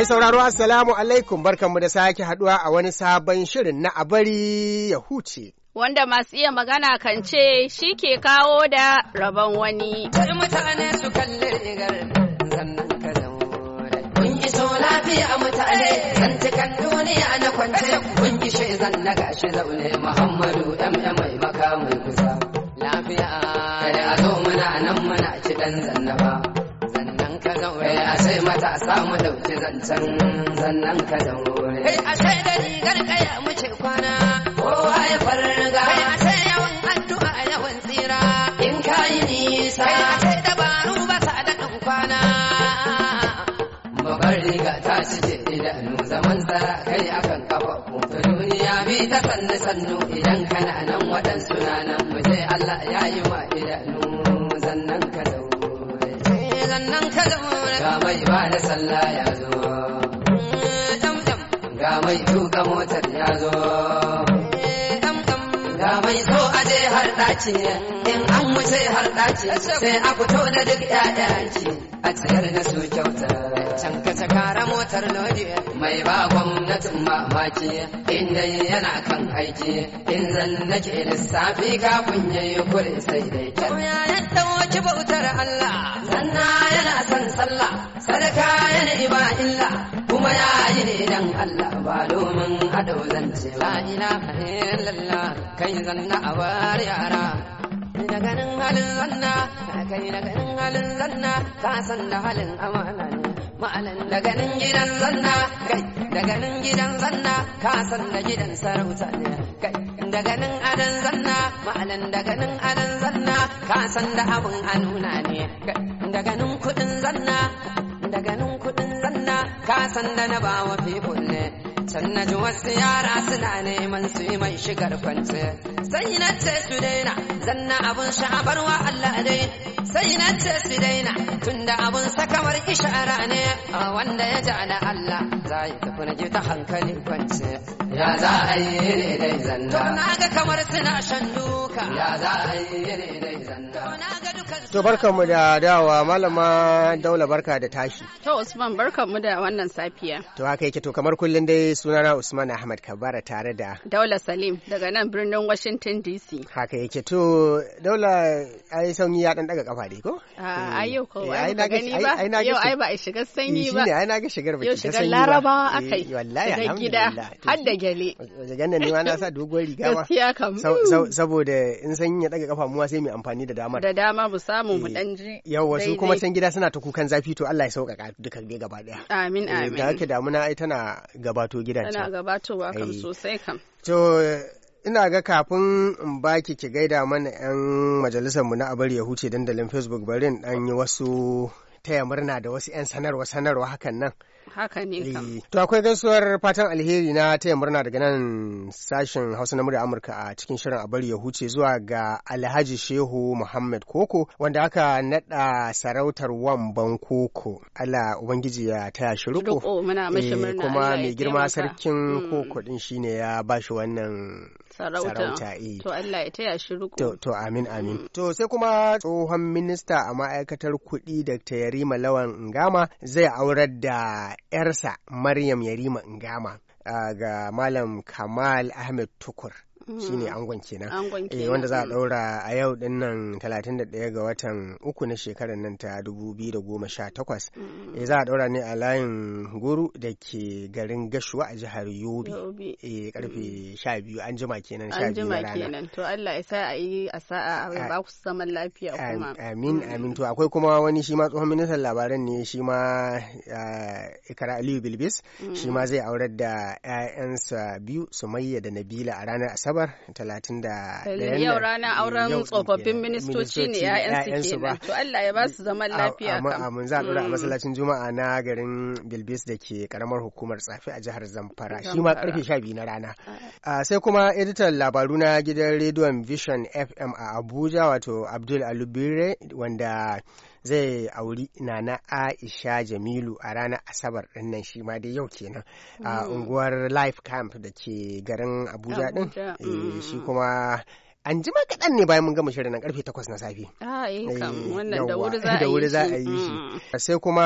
Mai sauraro Assalamu alaikum barkanmu da sake haduwa a wani sabon shirin na abari ya huce. Wanda masu iya magana kan ce shi ke kawo da rabon wani. Sai mutane su kalli rigar zannan ka Kun iso lafiya mutane zan cikin duniya na kwance. Kun ishe zan na gashi zaune Muhammadu ɗan mai makamai kusa. Lafiya. Kada a zo muna nan muna ci ɗan zannaba. ka zaure a sai matasa mu dauki zancen zannan ka zaure kai eh, a sai da rigar kaya mu ce kwana kowa ya farin kai eh, a sai yawan addu'a yawan tsira in ka yi nisa kai eh, a sai dabaru ba sa da dan kwana Babar riga ta cike idanu zaman tsara kai akan kafa duniya bi ta sannu sannu idan kana nan waɗansu na nan mu sai Allah ya yi wa idanu ga mai ba da sallah ya zo ga mai tuka motar ya zo ga mai zo a har ɗaci in an wuce har ɗaci sai a fito da duk ƴaƴanci a tsayar da su kyautar Cankace kara motar lodi mai ba gwamnatin mamaki inda yana kan aiki in zan nake lissafi kafin ya yi kure sai dai kyan. Ya yadda wace bautar Allah zanna yana son sallah sadaka yana iba illa kuma ya yi ne dan Allah ba domin zan ce ba. Ina fahimtar lalla kai zanna a bar yara. ganin halin zanna kai na ganin halin zanna ka san da halin amana ne ma'alan daga nan gidan zanna kai gidan zanna ka san gidan sarauta ne kai daga nan adan zanna adan zanna ka san da abun nuna ne kai daga nan kuɗin zanna daga nan kuɗin zanna ka san da na bawa people ne can na ji wasu yara suna neman su yi mai shigar kwance sai na ce su daina zanna abun sha'abarwa Allah dai sai na ce su daina tunda abun sakamar ishara ne a wanda ya ji na Allah za yi tafi na ta hankali kwance ya za a yi ne dai zanna to na ga kamar suna shan duka ya za a yi ne dai zanna To barkanmu da dawa malama daula barka da tashi. To Usman barkanmu da wannan safiya. To haka yake to kamar kullum dai sunana Usman Ahmad Kabara tare da Daula Salim daga nan birnin Washington DC. Haka yake to Daula ai sanyi ya dan daga kafa ne ko a ah, yau ko eh, ai na gani ba yau ai ba a shigar sanyi ba shine ai na ga shigar ba shigar sanyi ba larabawa eh, akai wallahi alhamdulillah har da gele jagan nan ma na sa doguwar riga ma gaskiya kam saboda in sanyi ya daga kafa muwa sai mu amfani da dama da dama mu samu mu dan eh, ji Yau wasu kuma can gida suna ta kukan zafi to Allah ya sauƙaƙa duka ne gaba daya amin amin da haka damuna ai tana gabato gidan tana gabatowa kam sosai kam to ina ga kafin in baki ki gaida mana 'yan majalisar mu na abar ya huce dandalin facebook bari in dan yi wasu taya murna da wasu 'yan sanarwa sanarwa hakan nan haka ne kam eh, to akwai gaisuwar fatan alheri na taya murna daga nan sashen hausa na murya amurka a cikin shirin abar ya huce zuwa ga alhaji shehu muhammad koko wanda aka nada sarautar wamban koko allah ubangiji ya taya shi riko eh, kuma mai girma sarkin mm. koko din shine ya bashi wannan sarauta eh. to Allah ya taya shi riko to amin amin mm. to sai kuma tsohon minista a ma'aikatar kuɗi Dr. Yarima Lawan Ngama zai aurar da yarsa Maryam Yarima Ngama ah, ga Malam Kamal Ahmed Tukur Mm-hmm. shine angon kenan eh wanda za a daura a yau din nan 31 ga watan uku na shekarar nan ta 2018 mm-hmm. eh za a daura ne a layin guru da ke garin gashuwa a jihar Yobe eh karfe 12 an jima kenan 12 na rana to Allah ya sa a yi a sa'a a ba ku zaman lafiya kuma amin mm-hmm. amin to akwai kuma wani shi ma tsohon ministan labaran ne shi ma Ikara Aliyu Bilbis shi ma zai aurar da 'ya'yansa biyu Sumayya da Nabila a ranar Asabar Oktoba 31 yau ranar auren tsofaffin ministoci ne su kenan to Allah ya ba su zaman lafiya amma za a dora a mm. masallacin juma'a na garin Bilbis da ke karamar hukumar tsafi a jihar Zamfara shi ma karfe 12 na rana ah, sai kuma editan labaru na gidan rediyon Vision FM a Abuja wato Abdul Alubire wanda zai auri nana aisha jamilu a ranar asabar din nan shi ma dai yau kenan a mm. unguwar life camp da ke garin abuja din Eh, shi kuma an ma kaɗan ne bayan mun gama shirin nan karfe takwas na safe. Ah, eh, kam eh, wannan da wuri za a yi shi. Da wuri za a yi shi. Mm. Sai kuma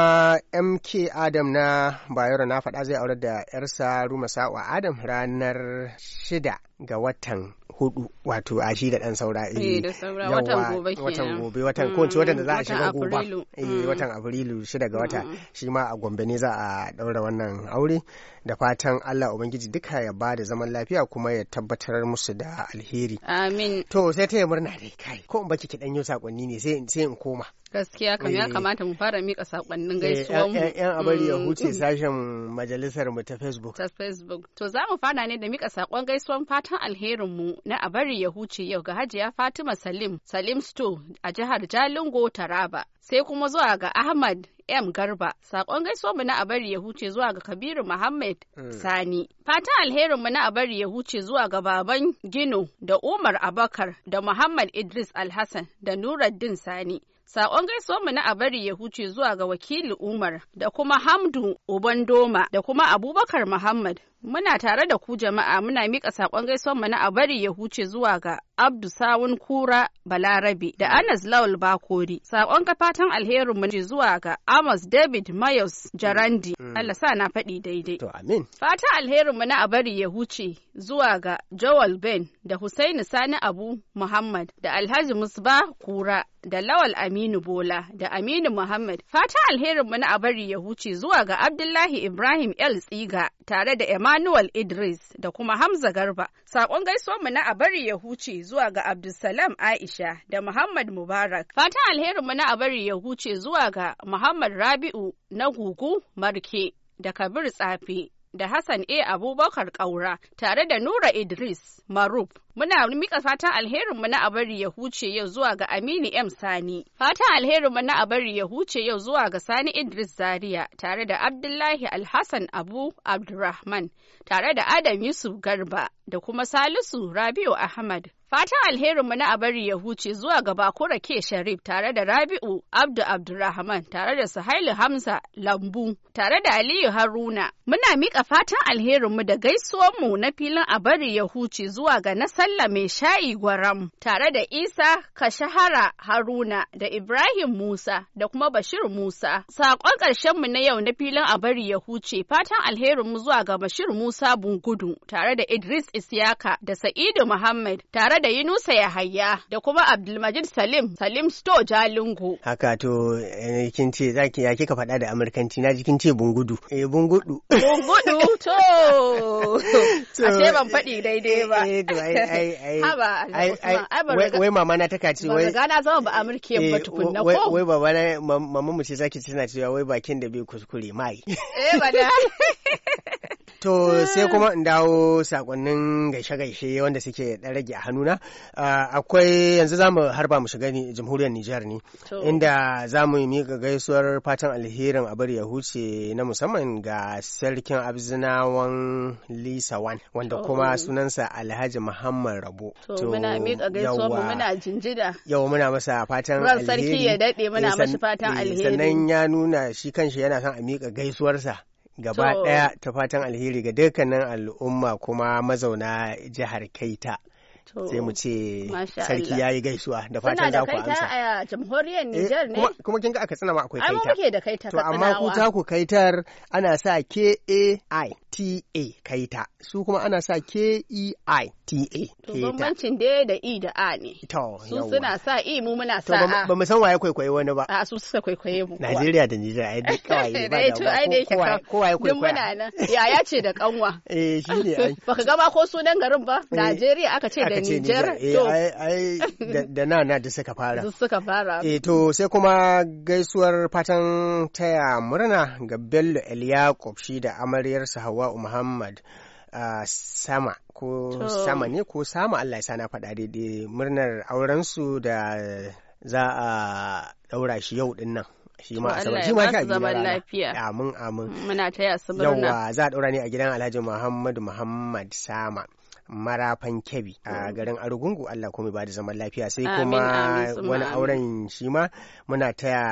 MK Adam na Bayero na faɗa zai aurar da ‘yarsa Ruma Sa'wa Adam ranar shida ga watan hudu wato a shi da ɗan saura. Eh, eh da saura watan gobe kenan. Watan gobe, watan kowace watan da za a mm, shiga gobe. Eh, mm. watan Afrilu shida ga wata. Shi ma a Gombe ne za a ɗaura wannan aure. da fatan Allah Ubangiji duka ya ba da zaman lafiya kuma ya tabbatar musu da alheri. Amin. To sai ta yi murna da kai ko in baki ki dan sakonni ne sai in koma. gaskiya kam ya eh. kamata mu fara mika sakonnin eh, gaisuwan mu eh, yan abari ya mm. huce mm. sashen majalisar mu ta facebook ta facebook to za mu fara ne da mika sakon gaisuwan fatan alherin mu na abari ya huce yau ga hajiya fatima salim salim sto a jihar jalingo taraba sai kuma zuwa ga ahmad M Garba, saƙon gaiso mu na abari ya huce zuwa ga Kabiru Muhammad hmm. Sani. Fatan alherin mu na abari ya huce zuwa ga baban Gino da Umar Abakar da Muhammad Idris Alhassan da Nuruddin Sani. Saƙon gaisuwar mu na abari ya huce zuwa ga wakili Umar da kuma Hamdu Ubandoma da kuma Abubakar Muhammad Muna tare da ku jama'a muna miƙa saƙon gaisuwar mu na a bari ya huce zuwa ga Abdu Sawun Kura Balarabe da Anas Lawal Bakori. Saƙon kafatan alherin mu zuwa ga Amos David Mayos Jarandi. Mm. Mm. Allah sa na faɗi daidai. To amin. Fatan alherin mu na a bari ya huce zuwa ga Joel Ben da Hussaini Sani Abu Muhammad da Alhaji Musba Kura da Lawal Aminu Bola da Aminu Muhammad. Fatan alherin mu na a bari ya huce zuwa ga Abdullahi Ibrahim El Tsiga tare da Emma Emmanuel Idris da kuma Hamza Garba. Sakon mu na Abari ya huce zuwa ga Abdulsalam Aisha da Muhammad Mubarak. fata alherin mu na a bari ya huce zuwa ga Muhammad Rabi'u na Gugu Marke da Kabir Tsafi da Hassan A. Abubakar Kaura tare da Nura Idris Maruf. Muna mika fatan alherinmu na abari ya huce yau zuwa ga Aminu M. Sani. Fatan alherinmu na abari ya huce yau zuwa ga Sani Idris Zaria tare da Abdullahi Alhassan Abu Abdurrahman tare da Adam Yusuf Garba da kuma Salisu Rabiu Ahmad. Fatan alherin mu na abari ya huce zuwa gaba ko Rake Sharif tare da Rabi'u Abdu Abdurrahman tare da Suhailu Hamza Lambu tare da Aliyu Haruna. Muna mika fatan alherin mu da mu na filin abari ya huce zuwa ga na sallah mai sha'i gwaram tare da Isa Kashahara Haruna da Ibrahim Musa da kuma Bashir Musa. Saƙon ƙarshenmu na yau na filin abari ya huce fatan alherin mu zuwa ga Bashir Musa Bungudu tare da Idris Isyaka da Sa'idu Muhammad tare da Yunusa Yahaya da kuma Abdulmajid Salim Salim Sto Jalingo. Haka to eh, kin ce zaki ya kika faɗa da Amurkanci na kin ce bungudu. Eh bungudu. Bungudu to. Ashe ban faɗi daidai ba. Eh to ai ai ai. Haba Wai mama na taka ce wai. gana na zama ba Amurke eh, ba tukunna ko. Wai baba na mama mu ce zaki tana cewa wai bakin da bai kuskure mai. Eh ba da. To sai kuma in dawo sakonnin gaishe-gaishe wanda suke rage a hannuna. Akwai yanzu za mu harba mu shiga jamhuriyar Nijar ne, inda za mu yi miƙa gaisuwar fatan alherin abar ya huce na musamman ga sarkin abzinawan Wan, wanda oh. kuma sunansa Alhaji Muhammad Rabo. To muna miƙa gaisuwar mu muna jinjida. Yau muna masa fatan alheri. sarki ya daɗe muna eh, masa fatan eh, alheri. Sannan ya nuna shi kanshi yana son a miƙa gaisuwarsa. gaba ɗaya ta fatan alheri ga dukkanin al'umma kuma mazauna jihar Kaita. sai mu ce sarki ya yi gaisuwa da fatan za ku amsa. a jamhuriyar eh, Nijar ne? Kuma kin ga aka tsina ma akwai kaita. Ai muke da kaita. To amma ku ta ku kaitar ana sa K.A.I. T-A kaita. su kuma ana sa K-E-I-T-A. bambancin dai da E da A ne. To, Su suna sa E mu muna sa A. Ba mu san waye kwaikwaye wani ba. A su suka kwaikwaye mu. Najeriya da Nijar ai da kawai ba da ai da yake kawai. waye kwaikwaye. Mun muna nan. Yaya ce da kanwa. Eh shi ne ai. Baka ga ba ko sunan garin ba. Eh, Najeriya aka ce da Nijar. Eh, to ai da na na da suka fara. Su suka fara. Eh to sai kuma gaisuwar fatan taya murna ga Bello Eliya shi da amaryarsa Hawwa Hawa'u Muhammad uh, sama ko sama ne ko sama Allah ya sa na faɗa daidai murnar aurensu da za a ɗaura shi yau din nan. shi ma asabar shi ma ta lafiya amin amin muna taya murna yawa za a daura ne a gidan Alhaji Muhammad Muhammad Sama marafan kebi a mm. garin arugungu Allah kuma ba da zaman lafiya sai kuma wani auren shi ma muna taya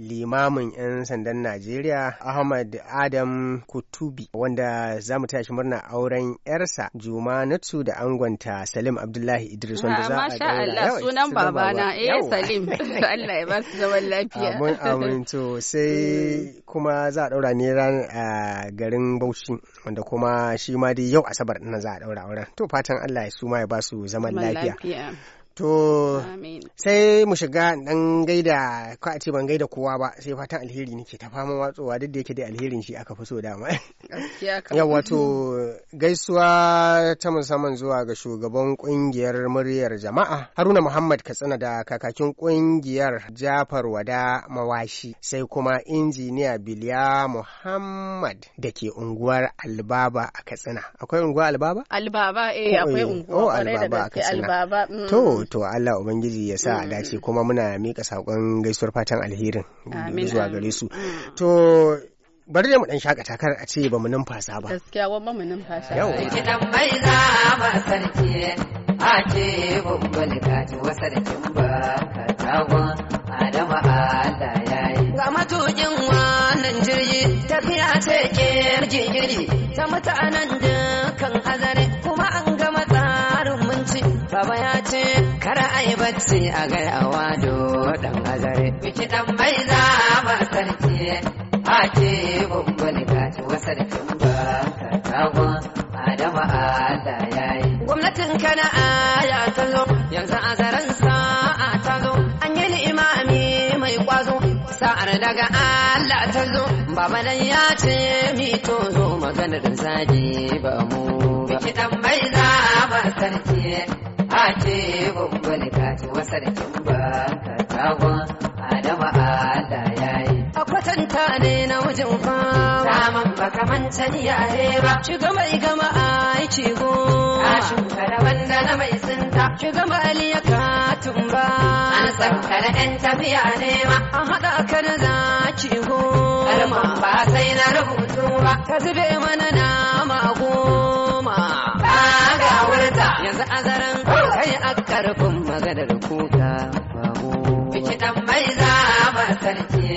limamin 'yan sandan Najeriya Ahmad Adam Kutubi wanda za mu tashi murna auren 'yarsa Juma Natsu da angonta Salim Abdullahi Idris wanda za a Allah sunan babana eh Salim Allah ya ba su zaman lafiya. Amin amin to sai kuma za a daura ne ran a garin Bauchi wanda kuma shi ma dai yau Asabar ina za a daura auren. To fatan Allah ya su ya ba su zaman lafiya. To, sai mu shiga ɗan gaida ko a ce ban gaida kowa ba sai fatan alheri nake ta fama watsowa duk da yake dai alherin shi aka fi so dama. Yawa to gaisuwa ta musamman zuwa ga shugaban ƙungiyar muryar jama'a Haruna Muhammad Katsina da kakakin ƙungiyar Jafar Wada Mawashi sai kuma injiniya Biliya Muhammad da ke unguwar Albaba a Katsina. Akwai unguwar Albaba? Albaba eh akwai eh, unguwar oh, Albaba a Katsina. Mm. To to Allah ubangiji ya sa a dace mm. kuma muna mika sakon gaisuwar fatan alherin zuwa gare su mm. to bari da mu dan shakata kar a ce ba mu numfasa ba gaskiya wa mu numfasa yau kidan bai za ba sarki a ce bubbal kaji wa sarkin ba ka tawo adama Allah ya yi. ga matukin wannan jirgi tafiya ce ke jirgiri ta mutanen dukan azare kuma an gama tsarin munci baba ya kar a yi bacci a gai a wado dan azare biki dan mai za ba sarki a ce bumbul ka ci wasarkin ba ka da adama ya yayi gwamnatin kana aya ya tazo. yanzu azaren sa'a ta zo an yi imami mai kwazo sa'ar daga Allah ta zo baba nan ya ce mi to zo maganar zaji ba mu biki dan mai za ba sarki ce bambal ka ci wasarkin Ka tagon adama Allah ya yi. A kwatanta ne na wajen fa. ba kaman manta ya yare ba. Shiga mai gama ai cigo. A shuka da wanda na mai tsinta. Shiga Ali ya katun ba. An tsanka 'yan tafiya ne ma. An haɗa ka da za cigo. Kalman ba sai na rubutu ba. Ka zube mana na mago. ga wurta yanzu azaran kai a karfin maganar kuka biki dan mai za ma sarki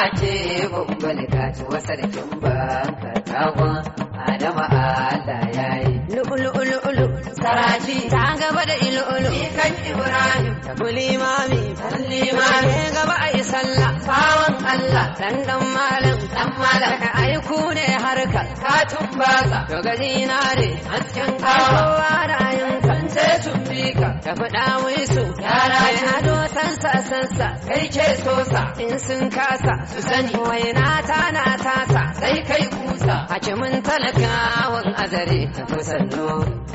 ake bumbul ka ci sarkin ba ka tawa adama Allah yayi lulu lulu sarashi ta lu'ulu kan ibrahim tabul imami dan limami gaba ai sallah bawan allah dan dan malam dan malam ka aiku ne harka ka tumbaka to gajina ne hasken kawo ra'ayin sai su fika ka faɗa musu yara ya hado sansa sansa kai ke sosa in sun kasa su sani waina ta na tasa sai kai kusa A hakimin talakawan azare ka to sannu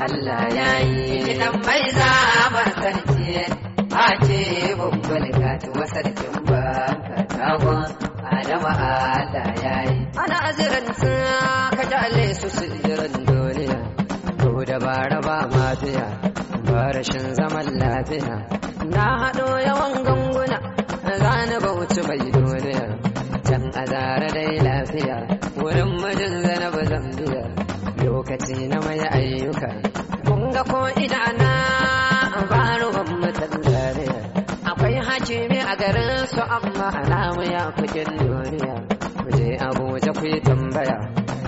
Allah yi. dan mai za ba sarki ake bubbul ka to sarkin ba ka tawa adama Allah yi. ana azirin sun rashin zaman lafiya na haɗo yawan ganguna ni bautu mai duniya can a zara dai lafiya wurin mijin zanabu zambiya lokaci na mai ayyuka kunga ko idana ba ban mutan zariya akwai hakimi a garin su amma alamu ya kukin duniya kuje abuja ku yi tambaya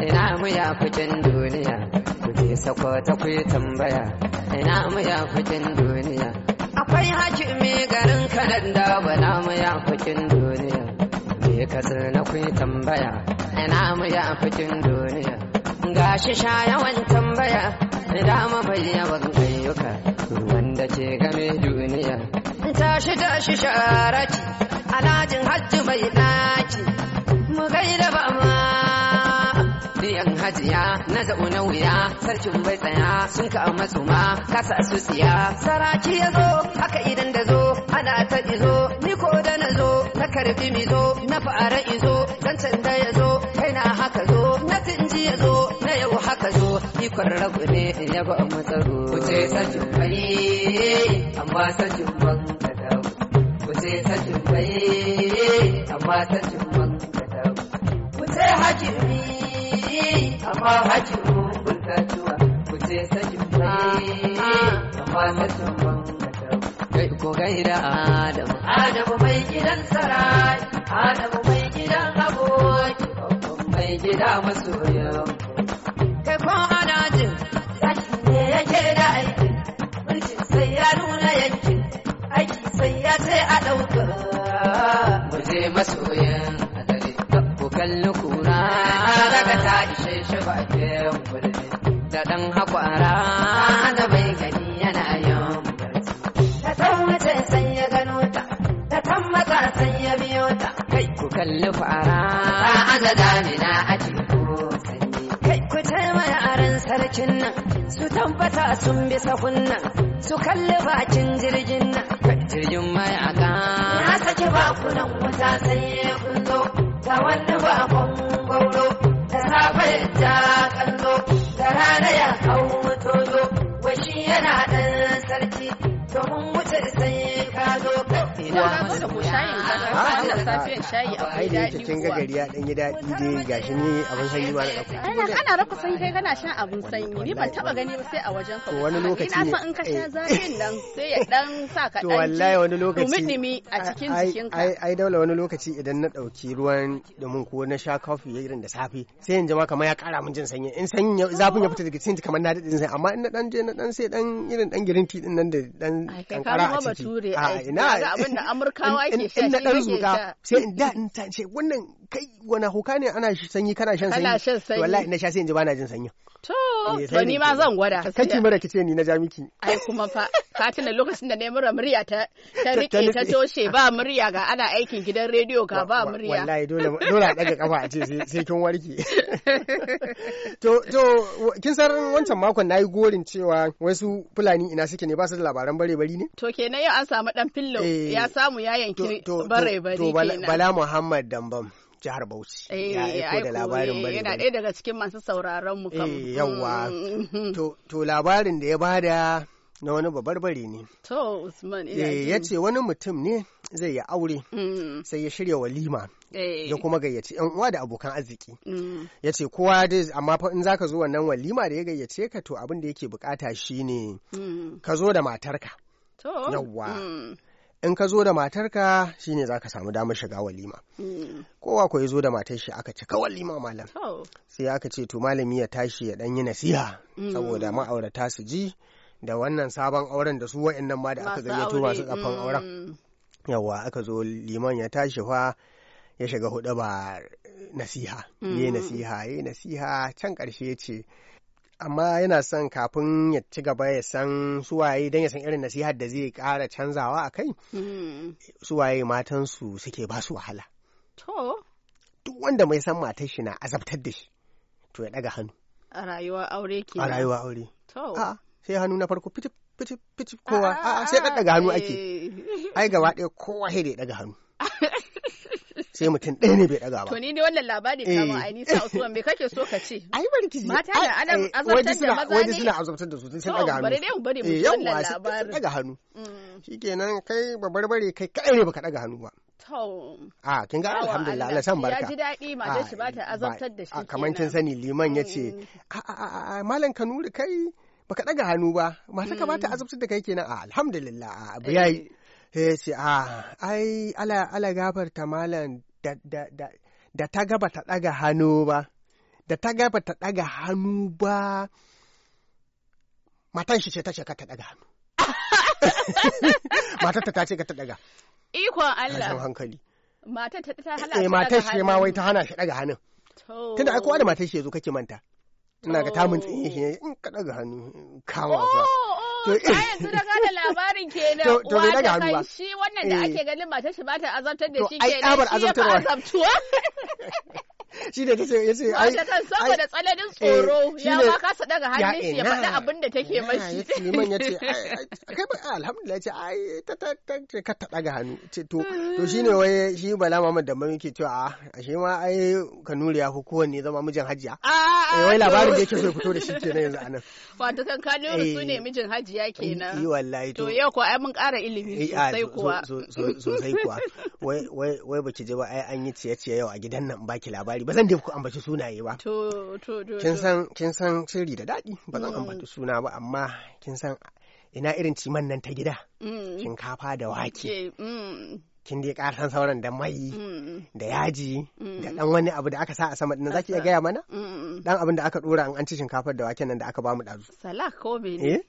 ina mu ya kukin duniya kuje sakwata ku yi tambaya namu ya fitin duniya akwai hakimi garin kanan dawa namu ya fitin duniya me ka na kun tambaya namu ya fitin duniya gashi sha yawan tambaya dama bai yawan ayyuka wanda ke game duniya tashi tashi sharaci Alhaji hajji mai daci mu gaida ba ma biyan hajiya na zaɓu na wuya sarkin bai tsaya sun ka matsuma kasa su tsiya saraki ya zo haka idan da zo ana ta izo ni ko da na zo na karfi mi zo na fara izo zancen canza ya zo kai na haka zo na tinji ya zo na yau haka zo ikon rabu ne ya ba mu tsaro ku ce sarkin bai amma sarkin ban ka dawo ku ce sarkin bai amma sarkin ban ka dawo ku ce hakimi yi amma haji mun katuwa ku ce sakin mai amma sakin man kai ko gaida adamu adamu mai gidan sarai adamu mai gidan aboki mai gida masoya kai ko ana jin ne yake da aiki mulkin sai ya nuna yankin aiki sai ya ce a ɗauka mu je masoyan ya ishe shi bakin birni da ɗan hakwara da mai gani yana yin da ɗan waje san ya gano ta da ɗan maza san ya biyo ta kai ku kalli fara da damina a teku sanyi kai ku taima yaran sarkin nan su tabbata sun bi sahun nan su kalli bakin jirgin nan kai jirgin mai aka ya saki bakunan wuta sai kun zo ga wani bakon gwamnati da safe ja kallo da rana ya hau tozo washi yana dan sarki to mun wuce sai ka zo ka ina da shayin ka safiyan shayi a daɗi kin ya dan daɗi dai gashi ni abin sanyi ma na ɗauko ana raka sanyi kai kana shan abin sanyi ni ban taɓa gani ba sai a wajen ka wani lokaci ne ina san in ka sha eh. zafin nan sai ya dan sa ka dan wallahi wani lokaci Dumin a cikin jikinka ai ai daula wani lokaci idan na ɗauki ruwan domin ko na sha kofi irin da safe sai in jama kamar ya kara min jin sanyi in sanyi zafin ya fita daga cikin kamar na daɗin sanyi amma in na dan je na dan sai dan irin dan girin ti din nan da dan kankara a ciki a ina abin da amurkawa ke sha in na dan zuka sai in da in ta ce wannan kai wani hauka ne ana sanyi kana shan sanyi kana shan sanyi wallahi na sha sai inji bana jin sanyi to eh, to ni ma zan gwada kake mara kice ni na ja miki ai kuma fa ka da lokacin da ne mura murya ta ta rike ta toshe ba murya ga ana aikin gidan rediyo ga ba murya wallahi dole dole a daga kafa a ce sai kin warke to to kin san wancan makon nayi gorin cewa wasu fulani ina suke ne ba su da labaran bare bari ne to kenan yau an samu dan fillo eh. ya samu ya yanki bare bari kenan bala muhammad dambam jihar Bauchi. Ya eh, da labarin eh, bari. Yana ɗaya daga cikin masu sauraron mu kam. Eh, yawwa. Mm, mm, mm, to labarin da ya bada na wani babarbare ne. To Usman ina ji. Ya ce wani mutum ne zai yi aure sai ya shirya walima. Ya kuma gayyaci yan uwa da abokan arziki. Ya ce kowa dai amma fa in zaka zo wannan walima da ya gayyace ka to abin da yake bukata shine ka zo da matarka. Yawwa. in ka zo da matarka shine za ka samu damar shiga walima mm. kowa ko ya zo da matar shi aka cika walima malam sai aka ce to malami ya tashi ya dan yi nasiha mm. saboda ma'aurata su ji da wannan sabon auren da su wa'annan ma da aka gayyato masu kafan mm. auren yawa aka zo liman ya tashi fa ya shiga hudu ba nasiha ya nasiha ya nasiha can karshe ce amma yana son kafin ya ci gaba ya san suwaye don ya san irin nasihar da zai ƙara canzawa a kai hmm. suwaye matansu suke ba su wahala to duk wanda mai san matar shi na azabtar da shi to ya daga hannu a rayuwa aure ke a rayuwa aure to a sai hannu na farko fitif fitif fitif kowa a sai daga ah, hannu ake eh. ai gaba ɗaya kowa sai da ya daga hannu sai mutum ɗaya ne bai ɗaga ba. To ni ne wannan labari kama a nisa eh. Usman me kake so ka ce? Ai barki ji. mata da ana eh, azabtar da maza ne. Wani suna azabtar da su sun ɗaga hannu. Bari dai mu bari mu ji eh, wannan labarin. Ɗaga hannu. Mm. Shikenan kai babarbare kai kai ne baka ɗaga hannu ba. A ah, kin ga alhamdulillah Allah san barka. Ya ji daɗi matar shi ba ta azabtar da shi. Kamar kin sani liman ya ce mm. a a malam Kanuri kai baka ɗaga hannu ba mata ka ba ta mm. azabtar da kai kenan a ah, alhamdulillah ah, abu yayi. sai ce ah, ai ala gafarta malam da, da, da, da ta gaba ta ɗaga hannu ba da ta gaba ta ɗaga hannu ba matan shi ce ta ce ka ta ɗaga hannu matar ta ce ka ta ɗaga ikon Allah hankali matar ta ta hana eh, matar shi ma wai ta hana shi ɗaga hannun Tun da kowa da matar shi zo kake manta ina ga tamun tsinye shi in ka ɗaga hannu kama to yanzu da gane labarin kenan wa me na shi wannan da eh. ake ganin matar shi ba ta azabtar da shi kenan shi ya azabtuwa shi ne ta ce ya ce ai kan saboda tsananin eh, tsoro ya ma kasa daga hannun shi ya faɗa abin da take mashi liman ya ce kai ba alhamdulillah ya ce ai ta ta ta ka ta daga hannu ce to to shine wai shi bala mamad da mun yake to a shi ma ai kanuri ya ku kowanne zama mijin hajiya ah, ah, eh wai labarin da yake so fito da shi kenan yanzu anan wato kan kanuri su ne eh. mijin hajiya kenan yi eh, wallahi to yau ko ai mun ƙara ilimi ah, sosai kuwa sosai kuwa wai wai wai baki je ba ai an yi ciye-ciye yau a gidan nan baki labari labari ba zan dai ku ambaci sunaye ba to to to kin san kin san sirri da daɗi ba zan mm. ambaci suna ba amma kin san ina irin ciman nan ta gida mm. shinkafa da wake mm. kin dai karan sauran da mai da yaji da dan wani abu da aka sa a sama din zaki iya gaya mana dan abin da aka dora an ci shinkafar da waken nan da aka bamu dazu salak ko mene eh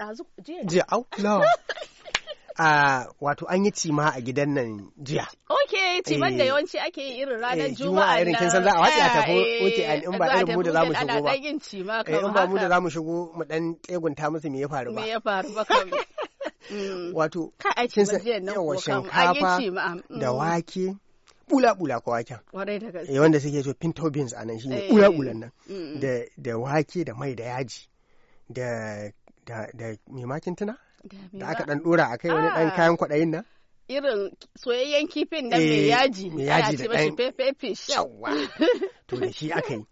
dazu jiya jiya au a wato an yi cima a gidan nan jiya. Ok, ciman da eh, yawanci ake yi irin ranar eh, Juma'a irin kin san za a watsi a eh, tafi oke in ba irin mu da zamu shigo ba. In ba mu da zamu shigo mu dan tsegunta musu me ya faru ba. Me ya faru ba mm. Wato kin san yawa shinkafa mm. da wake bula-bula ko waken. Warai da gaske. Wanda suke so pinto beans a nan shine bula-bulan nan mm. da wake da mai da yaji da da da mai makin tuna? da aka dan dora a kai wani dan ah. kayan kwaɗayin nan irin soyayyen kifin nan mai eh, yaji mai yaji da dan pepe yawa to da shi aka yi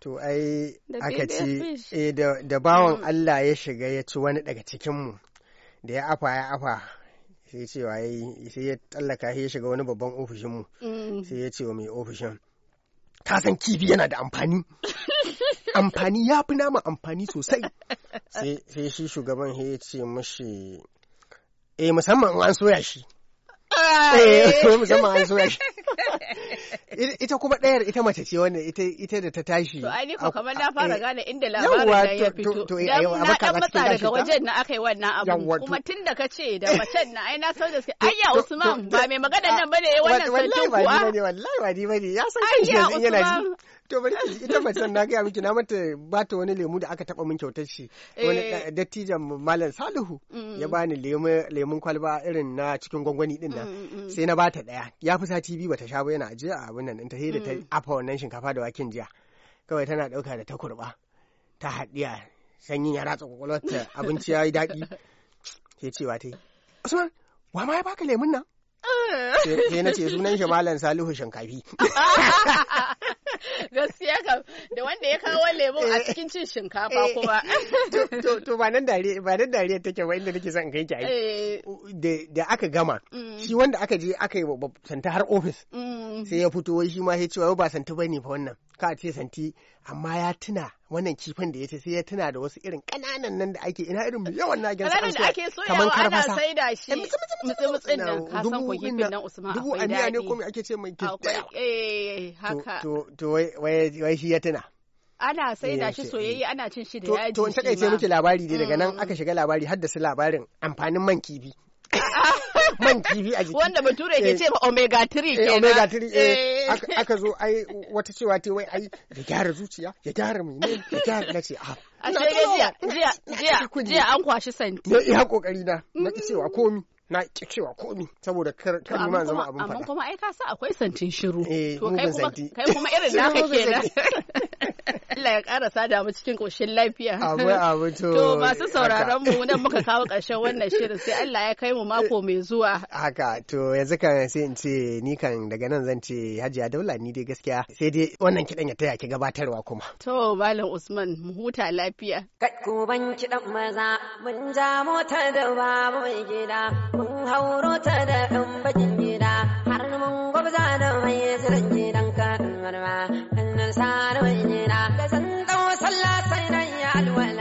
to ai aka ce eh, da bawan mm. Allah ya shiga ya ci wani daga cikin mu da ya afa ya afa sai cewa yi sai ya tallaka ya shiga wani babban ofishin mu mm. sai ya ce wa mai ofishin ka san kifi yana da amfani amfani ya fi nama amfani sosai sai shi shugaban ya ce mashi eh musamman an soya shi eh, musamman an soya shi ita kuma ɗayar ita mace ce wanda ita da ta tashi to ai ko kamar na fara eh. gane inda labarin nan ya fito to eh, na ɗan matsa daga wajen na aka yi wannan abu kuma tun da ka ce da macen na ai na san da ayya Usman ba mai magana nan bane wannan sarkin kuwa wallahi ba ni bane ya san shi yana ji to bari ita san na gaya miki na mata ba ta wani lemu da aka taba min kyautar shi wani eh. dattijan malam salihu ya bani lemun kwalba irin na cikin gwangwani din nan sai na bata daya ya fi sati biyu bata sha ba yana ajiya a abin nan ta da ta mm. afa wannan shinkafa da waken jiya kawai tana dauka da ta kurba ta haɗiya sanyin ya ratsa ta abinci ya yi daɗi ke cewa ta yi usman wa ma ya baka lemun nan sai na ce sunan shi malam salihu shinkafi gaskiya kam da wanda ya kawo lemo a cikin cin shinkafa eh, eh, kuma to ba nan dariya ba nan take ba inda nake son kai ki ai eh. da aka gama mm. shi wanda aka je aka yi santa har office mm. sai ya fito wai shi ma ya ce wai ba santa bane fa wannan ka ce santi amma ya tuna wannan kifin da ya ce sai ya tuna da wasu irin ƙananan nan da ake ina irin yawan na gyan an soya kamar karfasa sai da shi eh, mutsumutsin nan ka san ko kifin nan Usman dubu aniya ne komi ake ce mai kifin eh, haka to wai shi ya tuna ana sai da eh, shi soyayye ana cin shi da yaji to in takaice miki labari dai daga nan mm. aka shiga labari har da su labarin amfanin man kifi ah, ah. man kifi a jiki wanda bature ke eh. ce ma omega 3 eh, kenan omega 3 eh, aka zo ai wata cewa te wai ai ya gyara zuciya ya gyara mene ya gyara na ce a ah. ashe jiya oh. jiya jiya jiya an kwashi santi N'a iya kokari na na mm. cewa komi na ki cewa komi saboda kar kar ma zama abin fada amma kuma ai ka sa akwai santin shiru to kai kuma kai kuma irin naka kenan Allah ya ƙara sada mu cikin koshin lafiya. Abu abu to. To masu sauraron mu nan muka kawo ƙarshen wannan shirin sai Allah ya kai mu mako mai zuwa. Haka to yanzu kan sai in ce ni kan daga nan zan ce Hajiya Daula ni dai gaskiya sai dai wannan kiɗan ya taya ki gabatarwa kuma. To Malam Usman mu huta lafiya. ban kiɗan maza mun ja mota da babu mai gida mun hauro ta da ɗan bakin gida har mun gwabza da mai gidan gidanka in saro na da zan dau sallah sai nan ya alwala